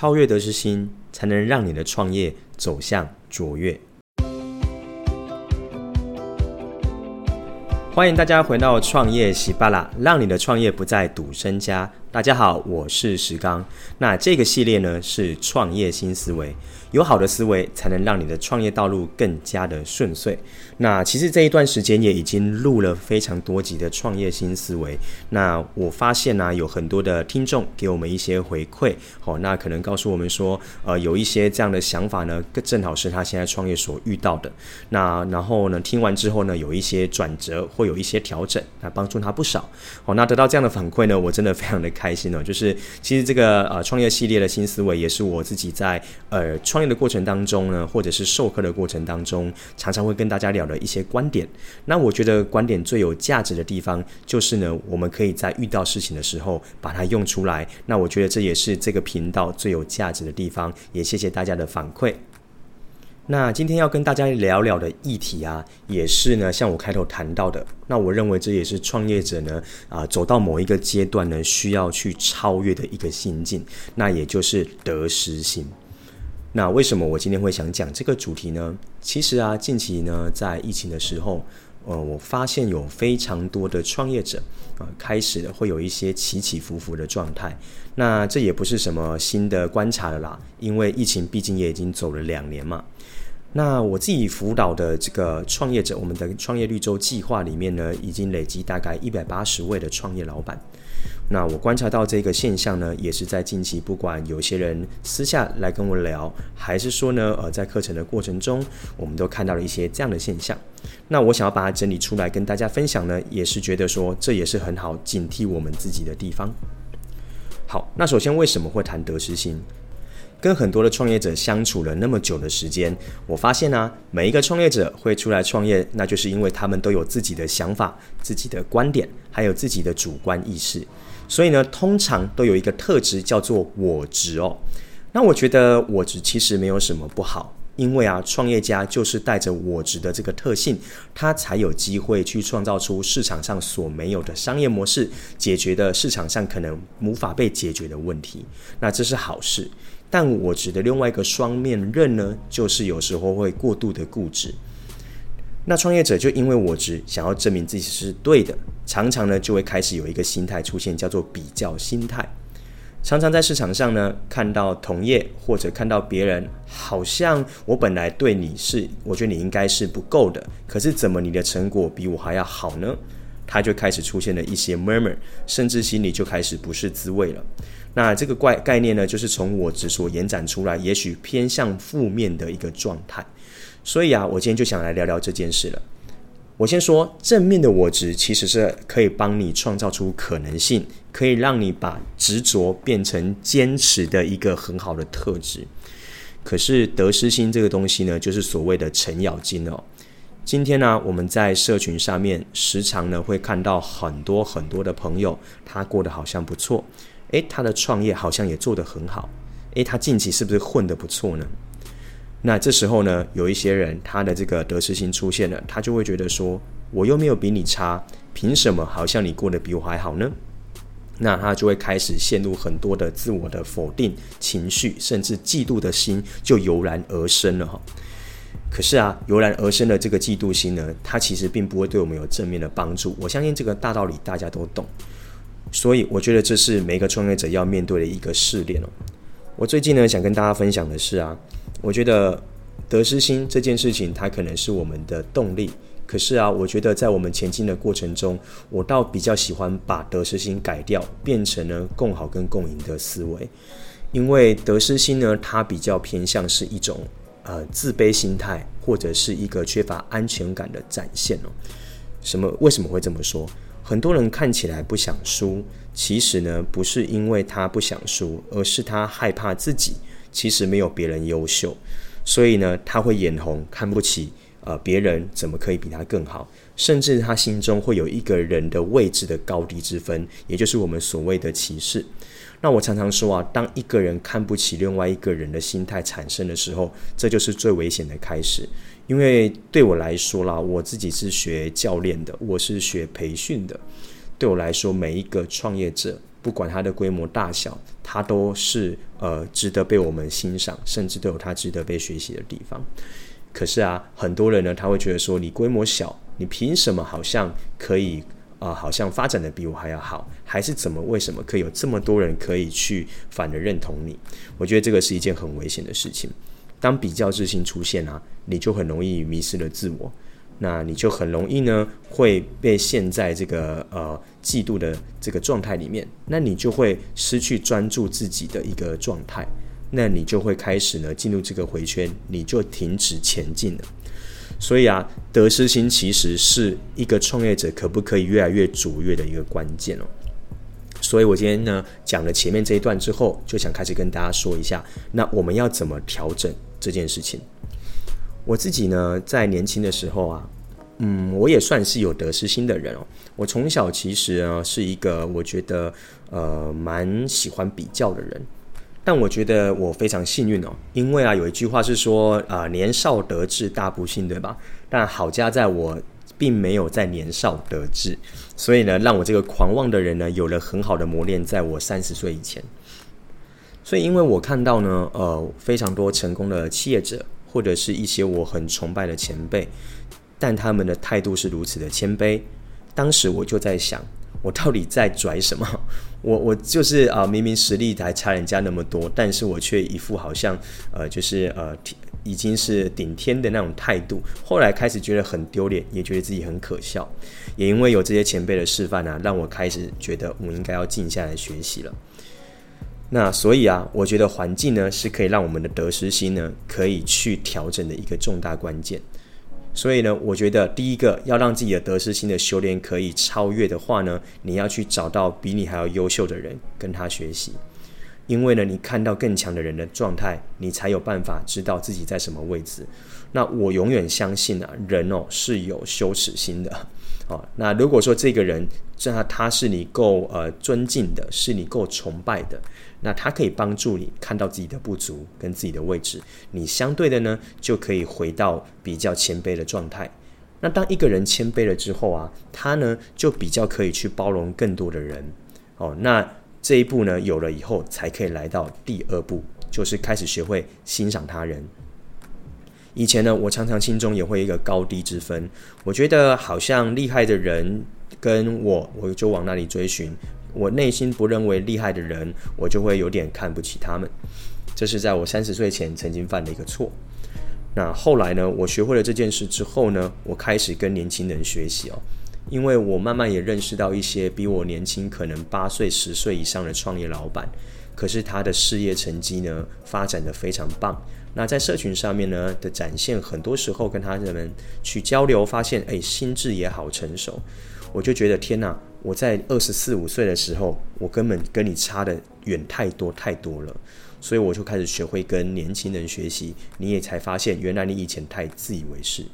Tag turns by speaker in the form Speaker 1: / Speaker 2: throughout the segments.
Speaker 1: 超越得失心，才能讓你的創業走向卓越。歡迎大家回到創業喜巴拉，讓你的創業不再賭身家。大家好，我是石剛。那這個系列呢是創業心思維，有好的思維才能讓你的創業道路更加的順遂。那其實這一段時間也已經錄了非常多集的創業心思維。那我發現呢、啊，有很多的聽眾給我們一些回饋，好、哦，那可能告訴我們說，呃，有一些這樣的想法呢，正好是他現在創業所遇到的。那然後呢，聽完之後呢，有一些轉折或有一些調整，那幫助他不少。好、哦，那得到這樣的反饋呢，我真的非常的。開心了、哦，就是其實這個呃創業系列的心思維，也是我自己在呃創業的過程當中呢，或者是授課的過程當中，常常會跟大家聊的一些觀點。那我覺得觀點最有價值的地方，就是呢，我們可以在遇到事情的時候把它用出來。那我覺得這也是這個頻道最有價值的地方，也謝謝大家的反饋。那今天要跟大家聊聊的議題啊，也是呢，像我開頭談到的，那我認為這也是創業者呢啊，呃，走到某一個階段呢，需要去超越的一個心境，那也就是得失心。那為什麼我今天會想講這個主題呢？其實啊，近期呢，在疫情的時候。呃，我發現有非常多的創業者啊，呃，開始會有一些起起伏伏的狀態。那這也不是什麼新的觀察了啦，因為疫情畢竟也已經走了兩年嘛。那我自己輔導的這個創業者，我們的創業綠洲計劃裡面呢，已經累積大概一百八十位的創業老闆。那我觀察到這個現象呢，也是在近期，不管有些人私下來跟我聊，還是說呢，呃，在課程的過程中，我們都看到了一些這樣的現象。那我想要把它整理出來跟大家分享呢，也是覺得說這也是很好警惕我們自己的地方。好，那首先為什麼會談得失心？跟很多的創業者相處了那麼久的時間，我發現呢，啊，每一個創業者會出來創業，那就是因為他們都有自己的想法、自己的觀點，還有自己的主觀意識。所以呢，通常都有一個特質叫做我執。哦。那我覺得我執其實沒有什麼不好，因為啊，創業家就是帶着我執的這個特性，他才有機會去創造出市場上所沒有的商業模式，解決的市場上可能無法被解決的問題。那這是好事。但我執的另外一個雙面刃呢，就是有時候會過度的固執。那創業者就因為我執想要證明自己是對的，常常呢就會開始有一個心態出現，叫做比較心態。常常在市場上呢看到同業或者看到別人，好像我本來對你是，我覺得你應該是不夠的，可是怎麼你的成果比我還要好呢？他就開始出現了一些 murmur，甚至心裡就開始不是滋味了。那這個怪概念呢，就是從我執所延展出來，也許偏向負面的一個狀態。所以啊，我今天就想來聊聊這件事了。我先說正面的我執，其實是可以幫你創造出可能性，可以讓你把執着變成堅持的一個很好的特質。可是得失心這個東西呢，就是所謂的程咬金哦。今天呢、啊，我們在社群上面時常呢會看到很多很多的朋友，他過得好像不錯，誒，他的創業好像也做得很好，誒，他近期是不是混得不錯呢？那這時候呢，有一些人他的這個得失心出現了，他就會覺得說：“我又沒有比你差，憑什麼好像你過得比我還好呢？”那他就會開始陷入很多的自我的否定情緒，甚至嫉妒的心就油然而生了哈。可是啊，油然而生的這個嫉妒心呢，它其實並不會對我們有正面的幫助。我相信這個大道理大家都懂，所以我覺得這是每一個創業者要面對的一個試煉哦。我最近呢，想跟大家分享的是啊。我覺得得失心這件事情，它可能是我們的動力。可是啊，我覺得在我們前進的過程中，我倒比較喜歡把得失心改掉，變成呢共好跟共贏的思維。因為得失心呢，它比較偏向是一種呃自卑心態，或者是一個缺乏安全感的展現哦。什麼？為什麼會這麼說？很多人看起來不想輸，其實呢不是因為他不想輸，而是他害怕自己。其實沒有別人優秀，所以呢，他會眼紅，看不起，呃，別人怎麼可以比他更好？甚至他心中會有一個人的位置的高低之分，也就是我們所謂的歧視。那我常常說啊，當一個人看不起另外一個人的心態產生的時候，這就是最危險的開始。因為對我來說啦，我自己是學教練的，我是學培訓的，對我來說，每一個創業者。不管它的規模大小，它都是呃值得被我們欣賞，甚至都有它值得被學習的地方。可是啊，很多人呢，他會覺得說，你規模小，你憑什麼好像可以啊、呃，好像發展的比我還要好，還是怎麼？為什麼可以有這麼多人可以去反而認同你？我覺得這個是一件很危險的事情。當比較之心出現啊，你就很容易迷失了自我。那你就很容易呢會被陷在這個呃嫉妒的這個狀態裡面，那你就會失去專注自己的一個狀態，那你就會開始呢進入這個回圈，你就停止前進了。所以啊，得失心其實是一個創業者可不可以越來越卓越的一個關鍵哦。所以我今天呢講了前面這一段之後，就想開始跟大家說一下，那我們要怎麼調整這件事情？我自己呢，在年輕的時候啊，嗯，我也算是有得失心的人哦。我從小其實啊，是一個我覺得呃蠻喜歡比較的人，但我覺得我非常幸運哦，因為啊有一句話是說啊，呃，年少得志大不幸，對吧？但好家在我並沒有在年少得志，所以呢，讓我這個狂妄的人呢，有了很好的磨練，在我三十歲以前。所以因為我看到呢，呃，非常多成功的企業者。或者是一些我很崇拜的前輩，但他們的態度是如此的謙卑。當時我就在想，我到底在拽什麼？我我就是啊、呃，明明實力還差人家那麼多，但是我卻一副好像呃就是呃已經是頂天的那種態度。後來開始覺得很丟臉，也覺得自己很可笑。也因為有這些前輩的示範呢、啊，讓我開始覺得我應該要靜下來學習了。那所以啊，我覺得環境呢，是可以讓我們的得失心呢，可以去調整的一個重大關鍵。所以呢，我覺得第一個要讓自己的得失心的修煉可以超越的話呢，你要去找到比你還要優秀的人，跟他學習。因為呢，你看到更強的人的狀態，你才有辦法知道自己在什麼位置。那我永遠相信啊，人哦是有羞恥心的。哦，那如果說這個人，那他是你夠呃尊敬的，是你夠崇拜的，那他可以幫助你看到自己的不足跟自己的位置，你相對的呢就可以回到比較謙卑的狀態。那當一個人謙卑了之後啊，他呢就比較可以去包容更多的人。哦，那這一步呢有了以後，才可以來到第二步，就是開始學會欣賞他人。以前呢，我常常心中也會有一個高低之分，我覺得好像厲害的人跟我，我就往那裡追尋。我內心不認為厲害的人，我就會有點看不起他們。這是在我三十歲前曾經犯的一個錯。那後來呢，我學會了這件事之後呢，我開始跟年輕人學習哦，因為我慢慢也認識到一些比我年輕可能八歲、十歲以上的創業老板，可是他的事業成績呢，發展得非常棒。那在社群上面呢的展現，很多時候跟他人們去交流，發現誒、欸，心智也好成熟，我就覺得天哪、啊，我在二十四五歲的時候，我根本跟你差得遠太多太多了，所以我就開始學會跟年輕人學習。你也才發現，原來你以前太自以為是。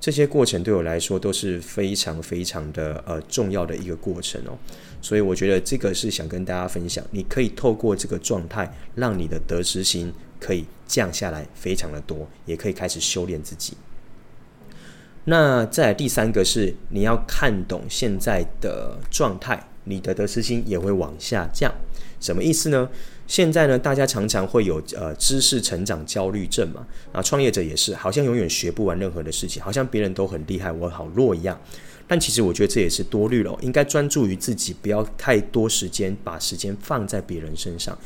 Speaker 1: 這些過程對我來說都是非常非常的呃重要的一個過程哦，所以我覺得這個是想跟大家分享，你可以透過這個狀態，讓你的得失心可以降下來非常的多，也可以開始修煉自己。那再來第三個是，你要看懂現在的狀態，你的得失心也會往下降。什麼意思呢？現在呢，大家常常會有呃知識成長焦慮症嘛，啊，創業者也是，好像永遠學不完任何的事情，好像別人都很厲害，我好弱一樣。但其實我覺得這也是多慮了，應該專注於自己，不要太多時間，把時間放在別人身上。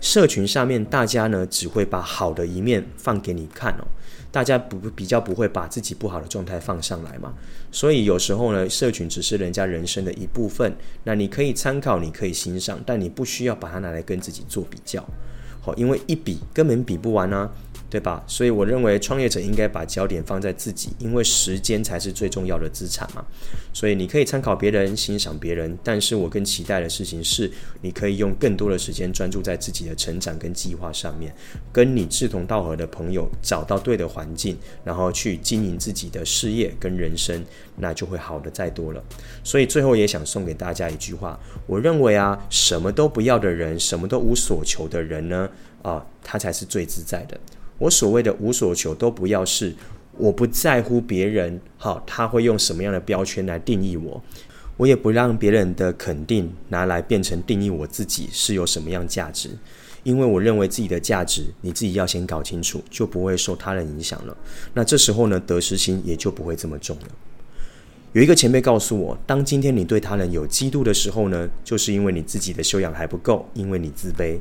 Speaker 1: 社群上面，大家呢只會把好的一面放給你看哦，大家不比較不會把自己不好的狀態放上來嘛。所以有時候呢，社群只是人家人生的一部分，那你可以參考，你可以欣賞，但你不需要把它拿來跟自己做比較，好、哦，因為一比根本比不完啊。對吧？所以我認為創業者應該把焦點放在自己，因為時間才是最重要的資產嘛。所以你可以參考別人，欣賞別人，但是我更期待的事情是，你可以用更多的時間專注在自己的成長跟計劃上面，跟你志同道合的朋友找到對的環境，然後去經營自己的事業跟人生，那就會好得再多了。所以最後也想送給大家一句話：我認為啊，什麼都不要的人，什麼都無所求的人呢，啊，他才是最自在的。我所謂的無所求都不要是，我不在乎別人好，他會用什麼樣的標籤來定義我，我也不讓別人的肯定拿來變成定義我自己是有什麼樣價值，因為我認為自己的價值你自己要先搞清楚，就不會受他人影響了。那這時候呢，得失心也就不會這麼重了。有一個前輩告訴我，當今天你對他人有嫉妒的時候呢，就是因為你自己的修養還不夠，因為你自卑。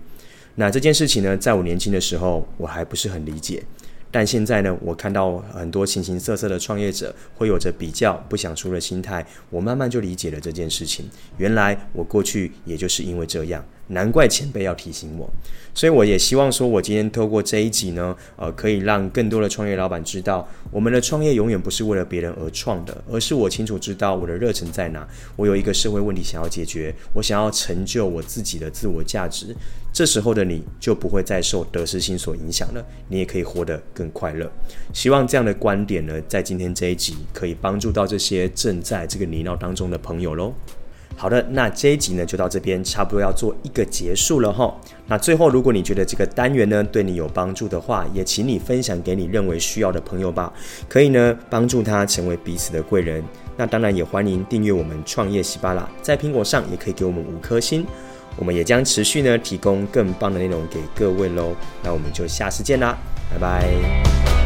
Speaker 1: 那這件事情呢，在我年輕的時候，我還不是很理解，但現在呢，我看到很多形形色色的創業者，會有着比較不想輸的心態，我慢慢就理解了這件事情。原來我過去也就是因為這樣。難怪前輩要提醒我，所以我也希望說，我今天透過這一集呢，呃，可以讓更多的創業老板知道，我們的創業永遠不是為了別人而創的，而是我清楚知道我的熱忱在哪，我有一個社會問題想要解決，我想要成就我自己的自我價值。這時候的你就不會再受得失心所影響了，你也可以活得更快樂。希望這樣的觀點呢，在今天這一集可以幫助到這些正在這個泥淖當中的朋友嘍。好的，那這一集呢就到這邊，差不多要做一個結束了哈。那最後，如果你覺得這個單元呢對你有幫助的話，也請你分享給你認為需要的朋友吧，可以呢幫助他成為彼此的貴人。那當然也歡迎訂閱我們創業西巴拉，在蘋果上也可以給我們五顆星，我們也將持續呢提供更棒的內容給各位嘍。那我們就下次見啦，拜拜。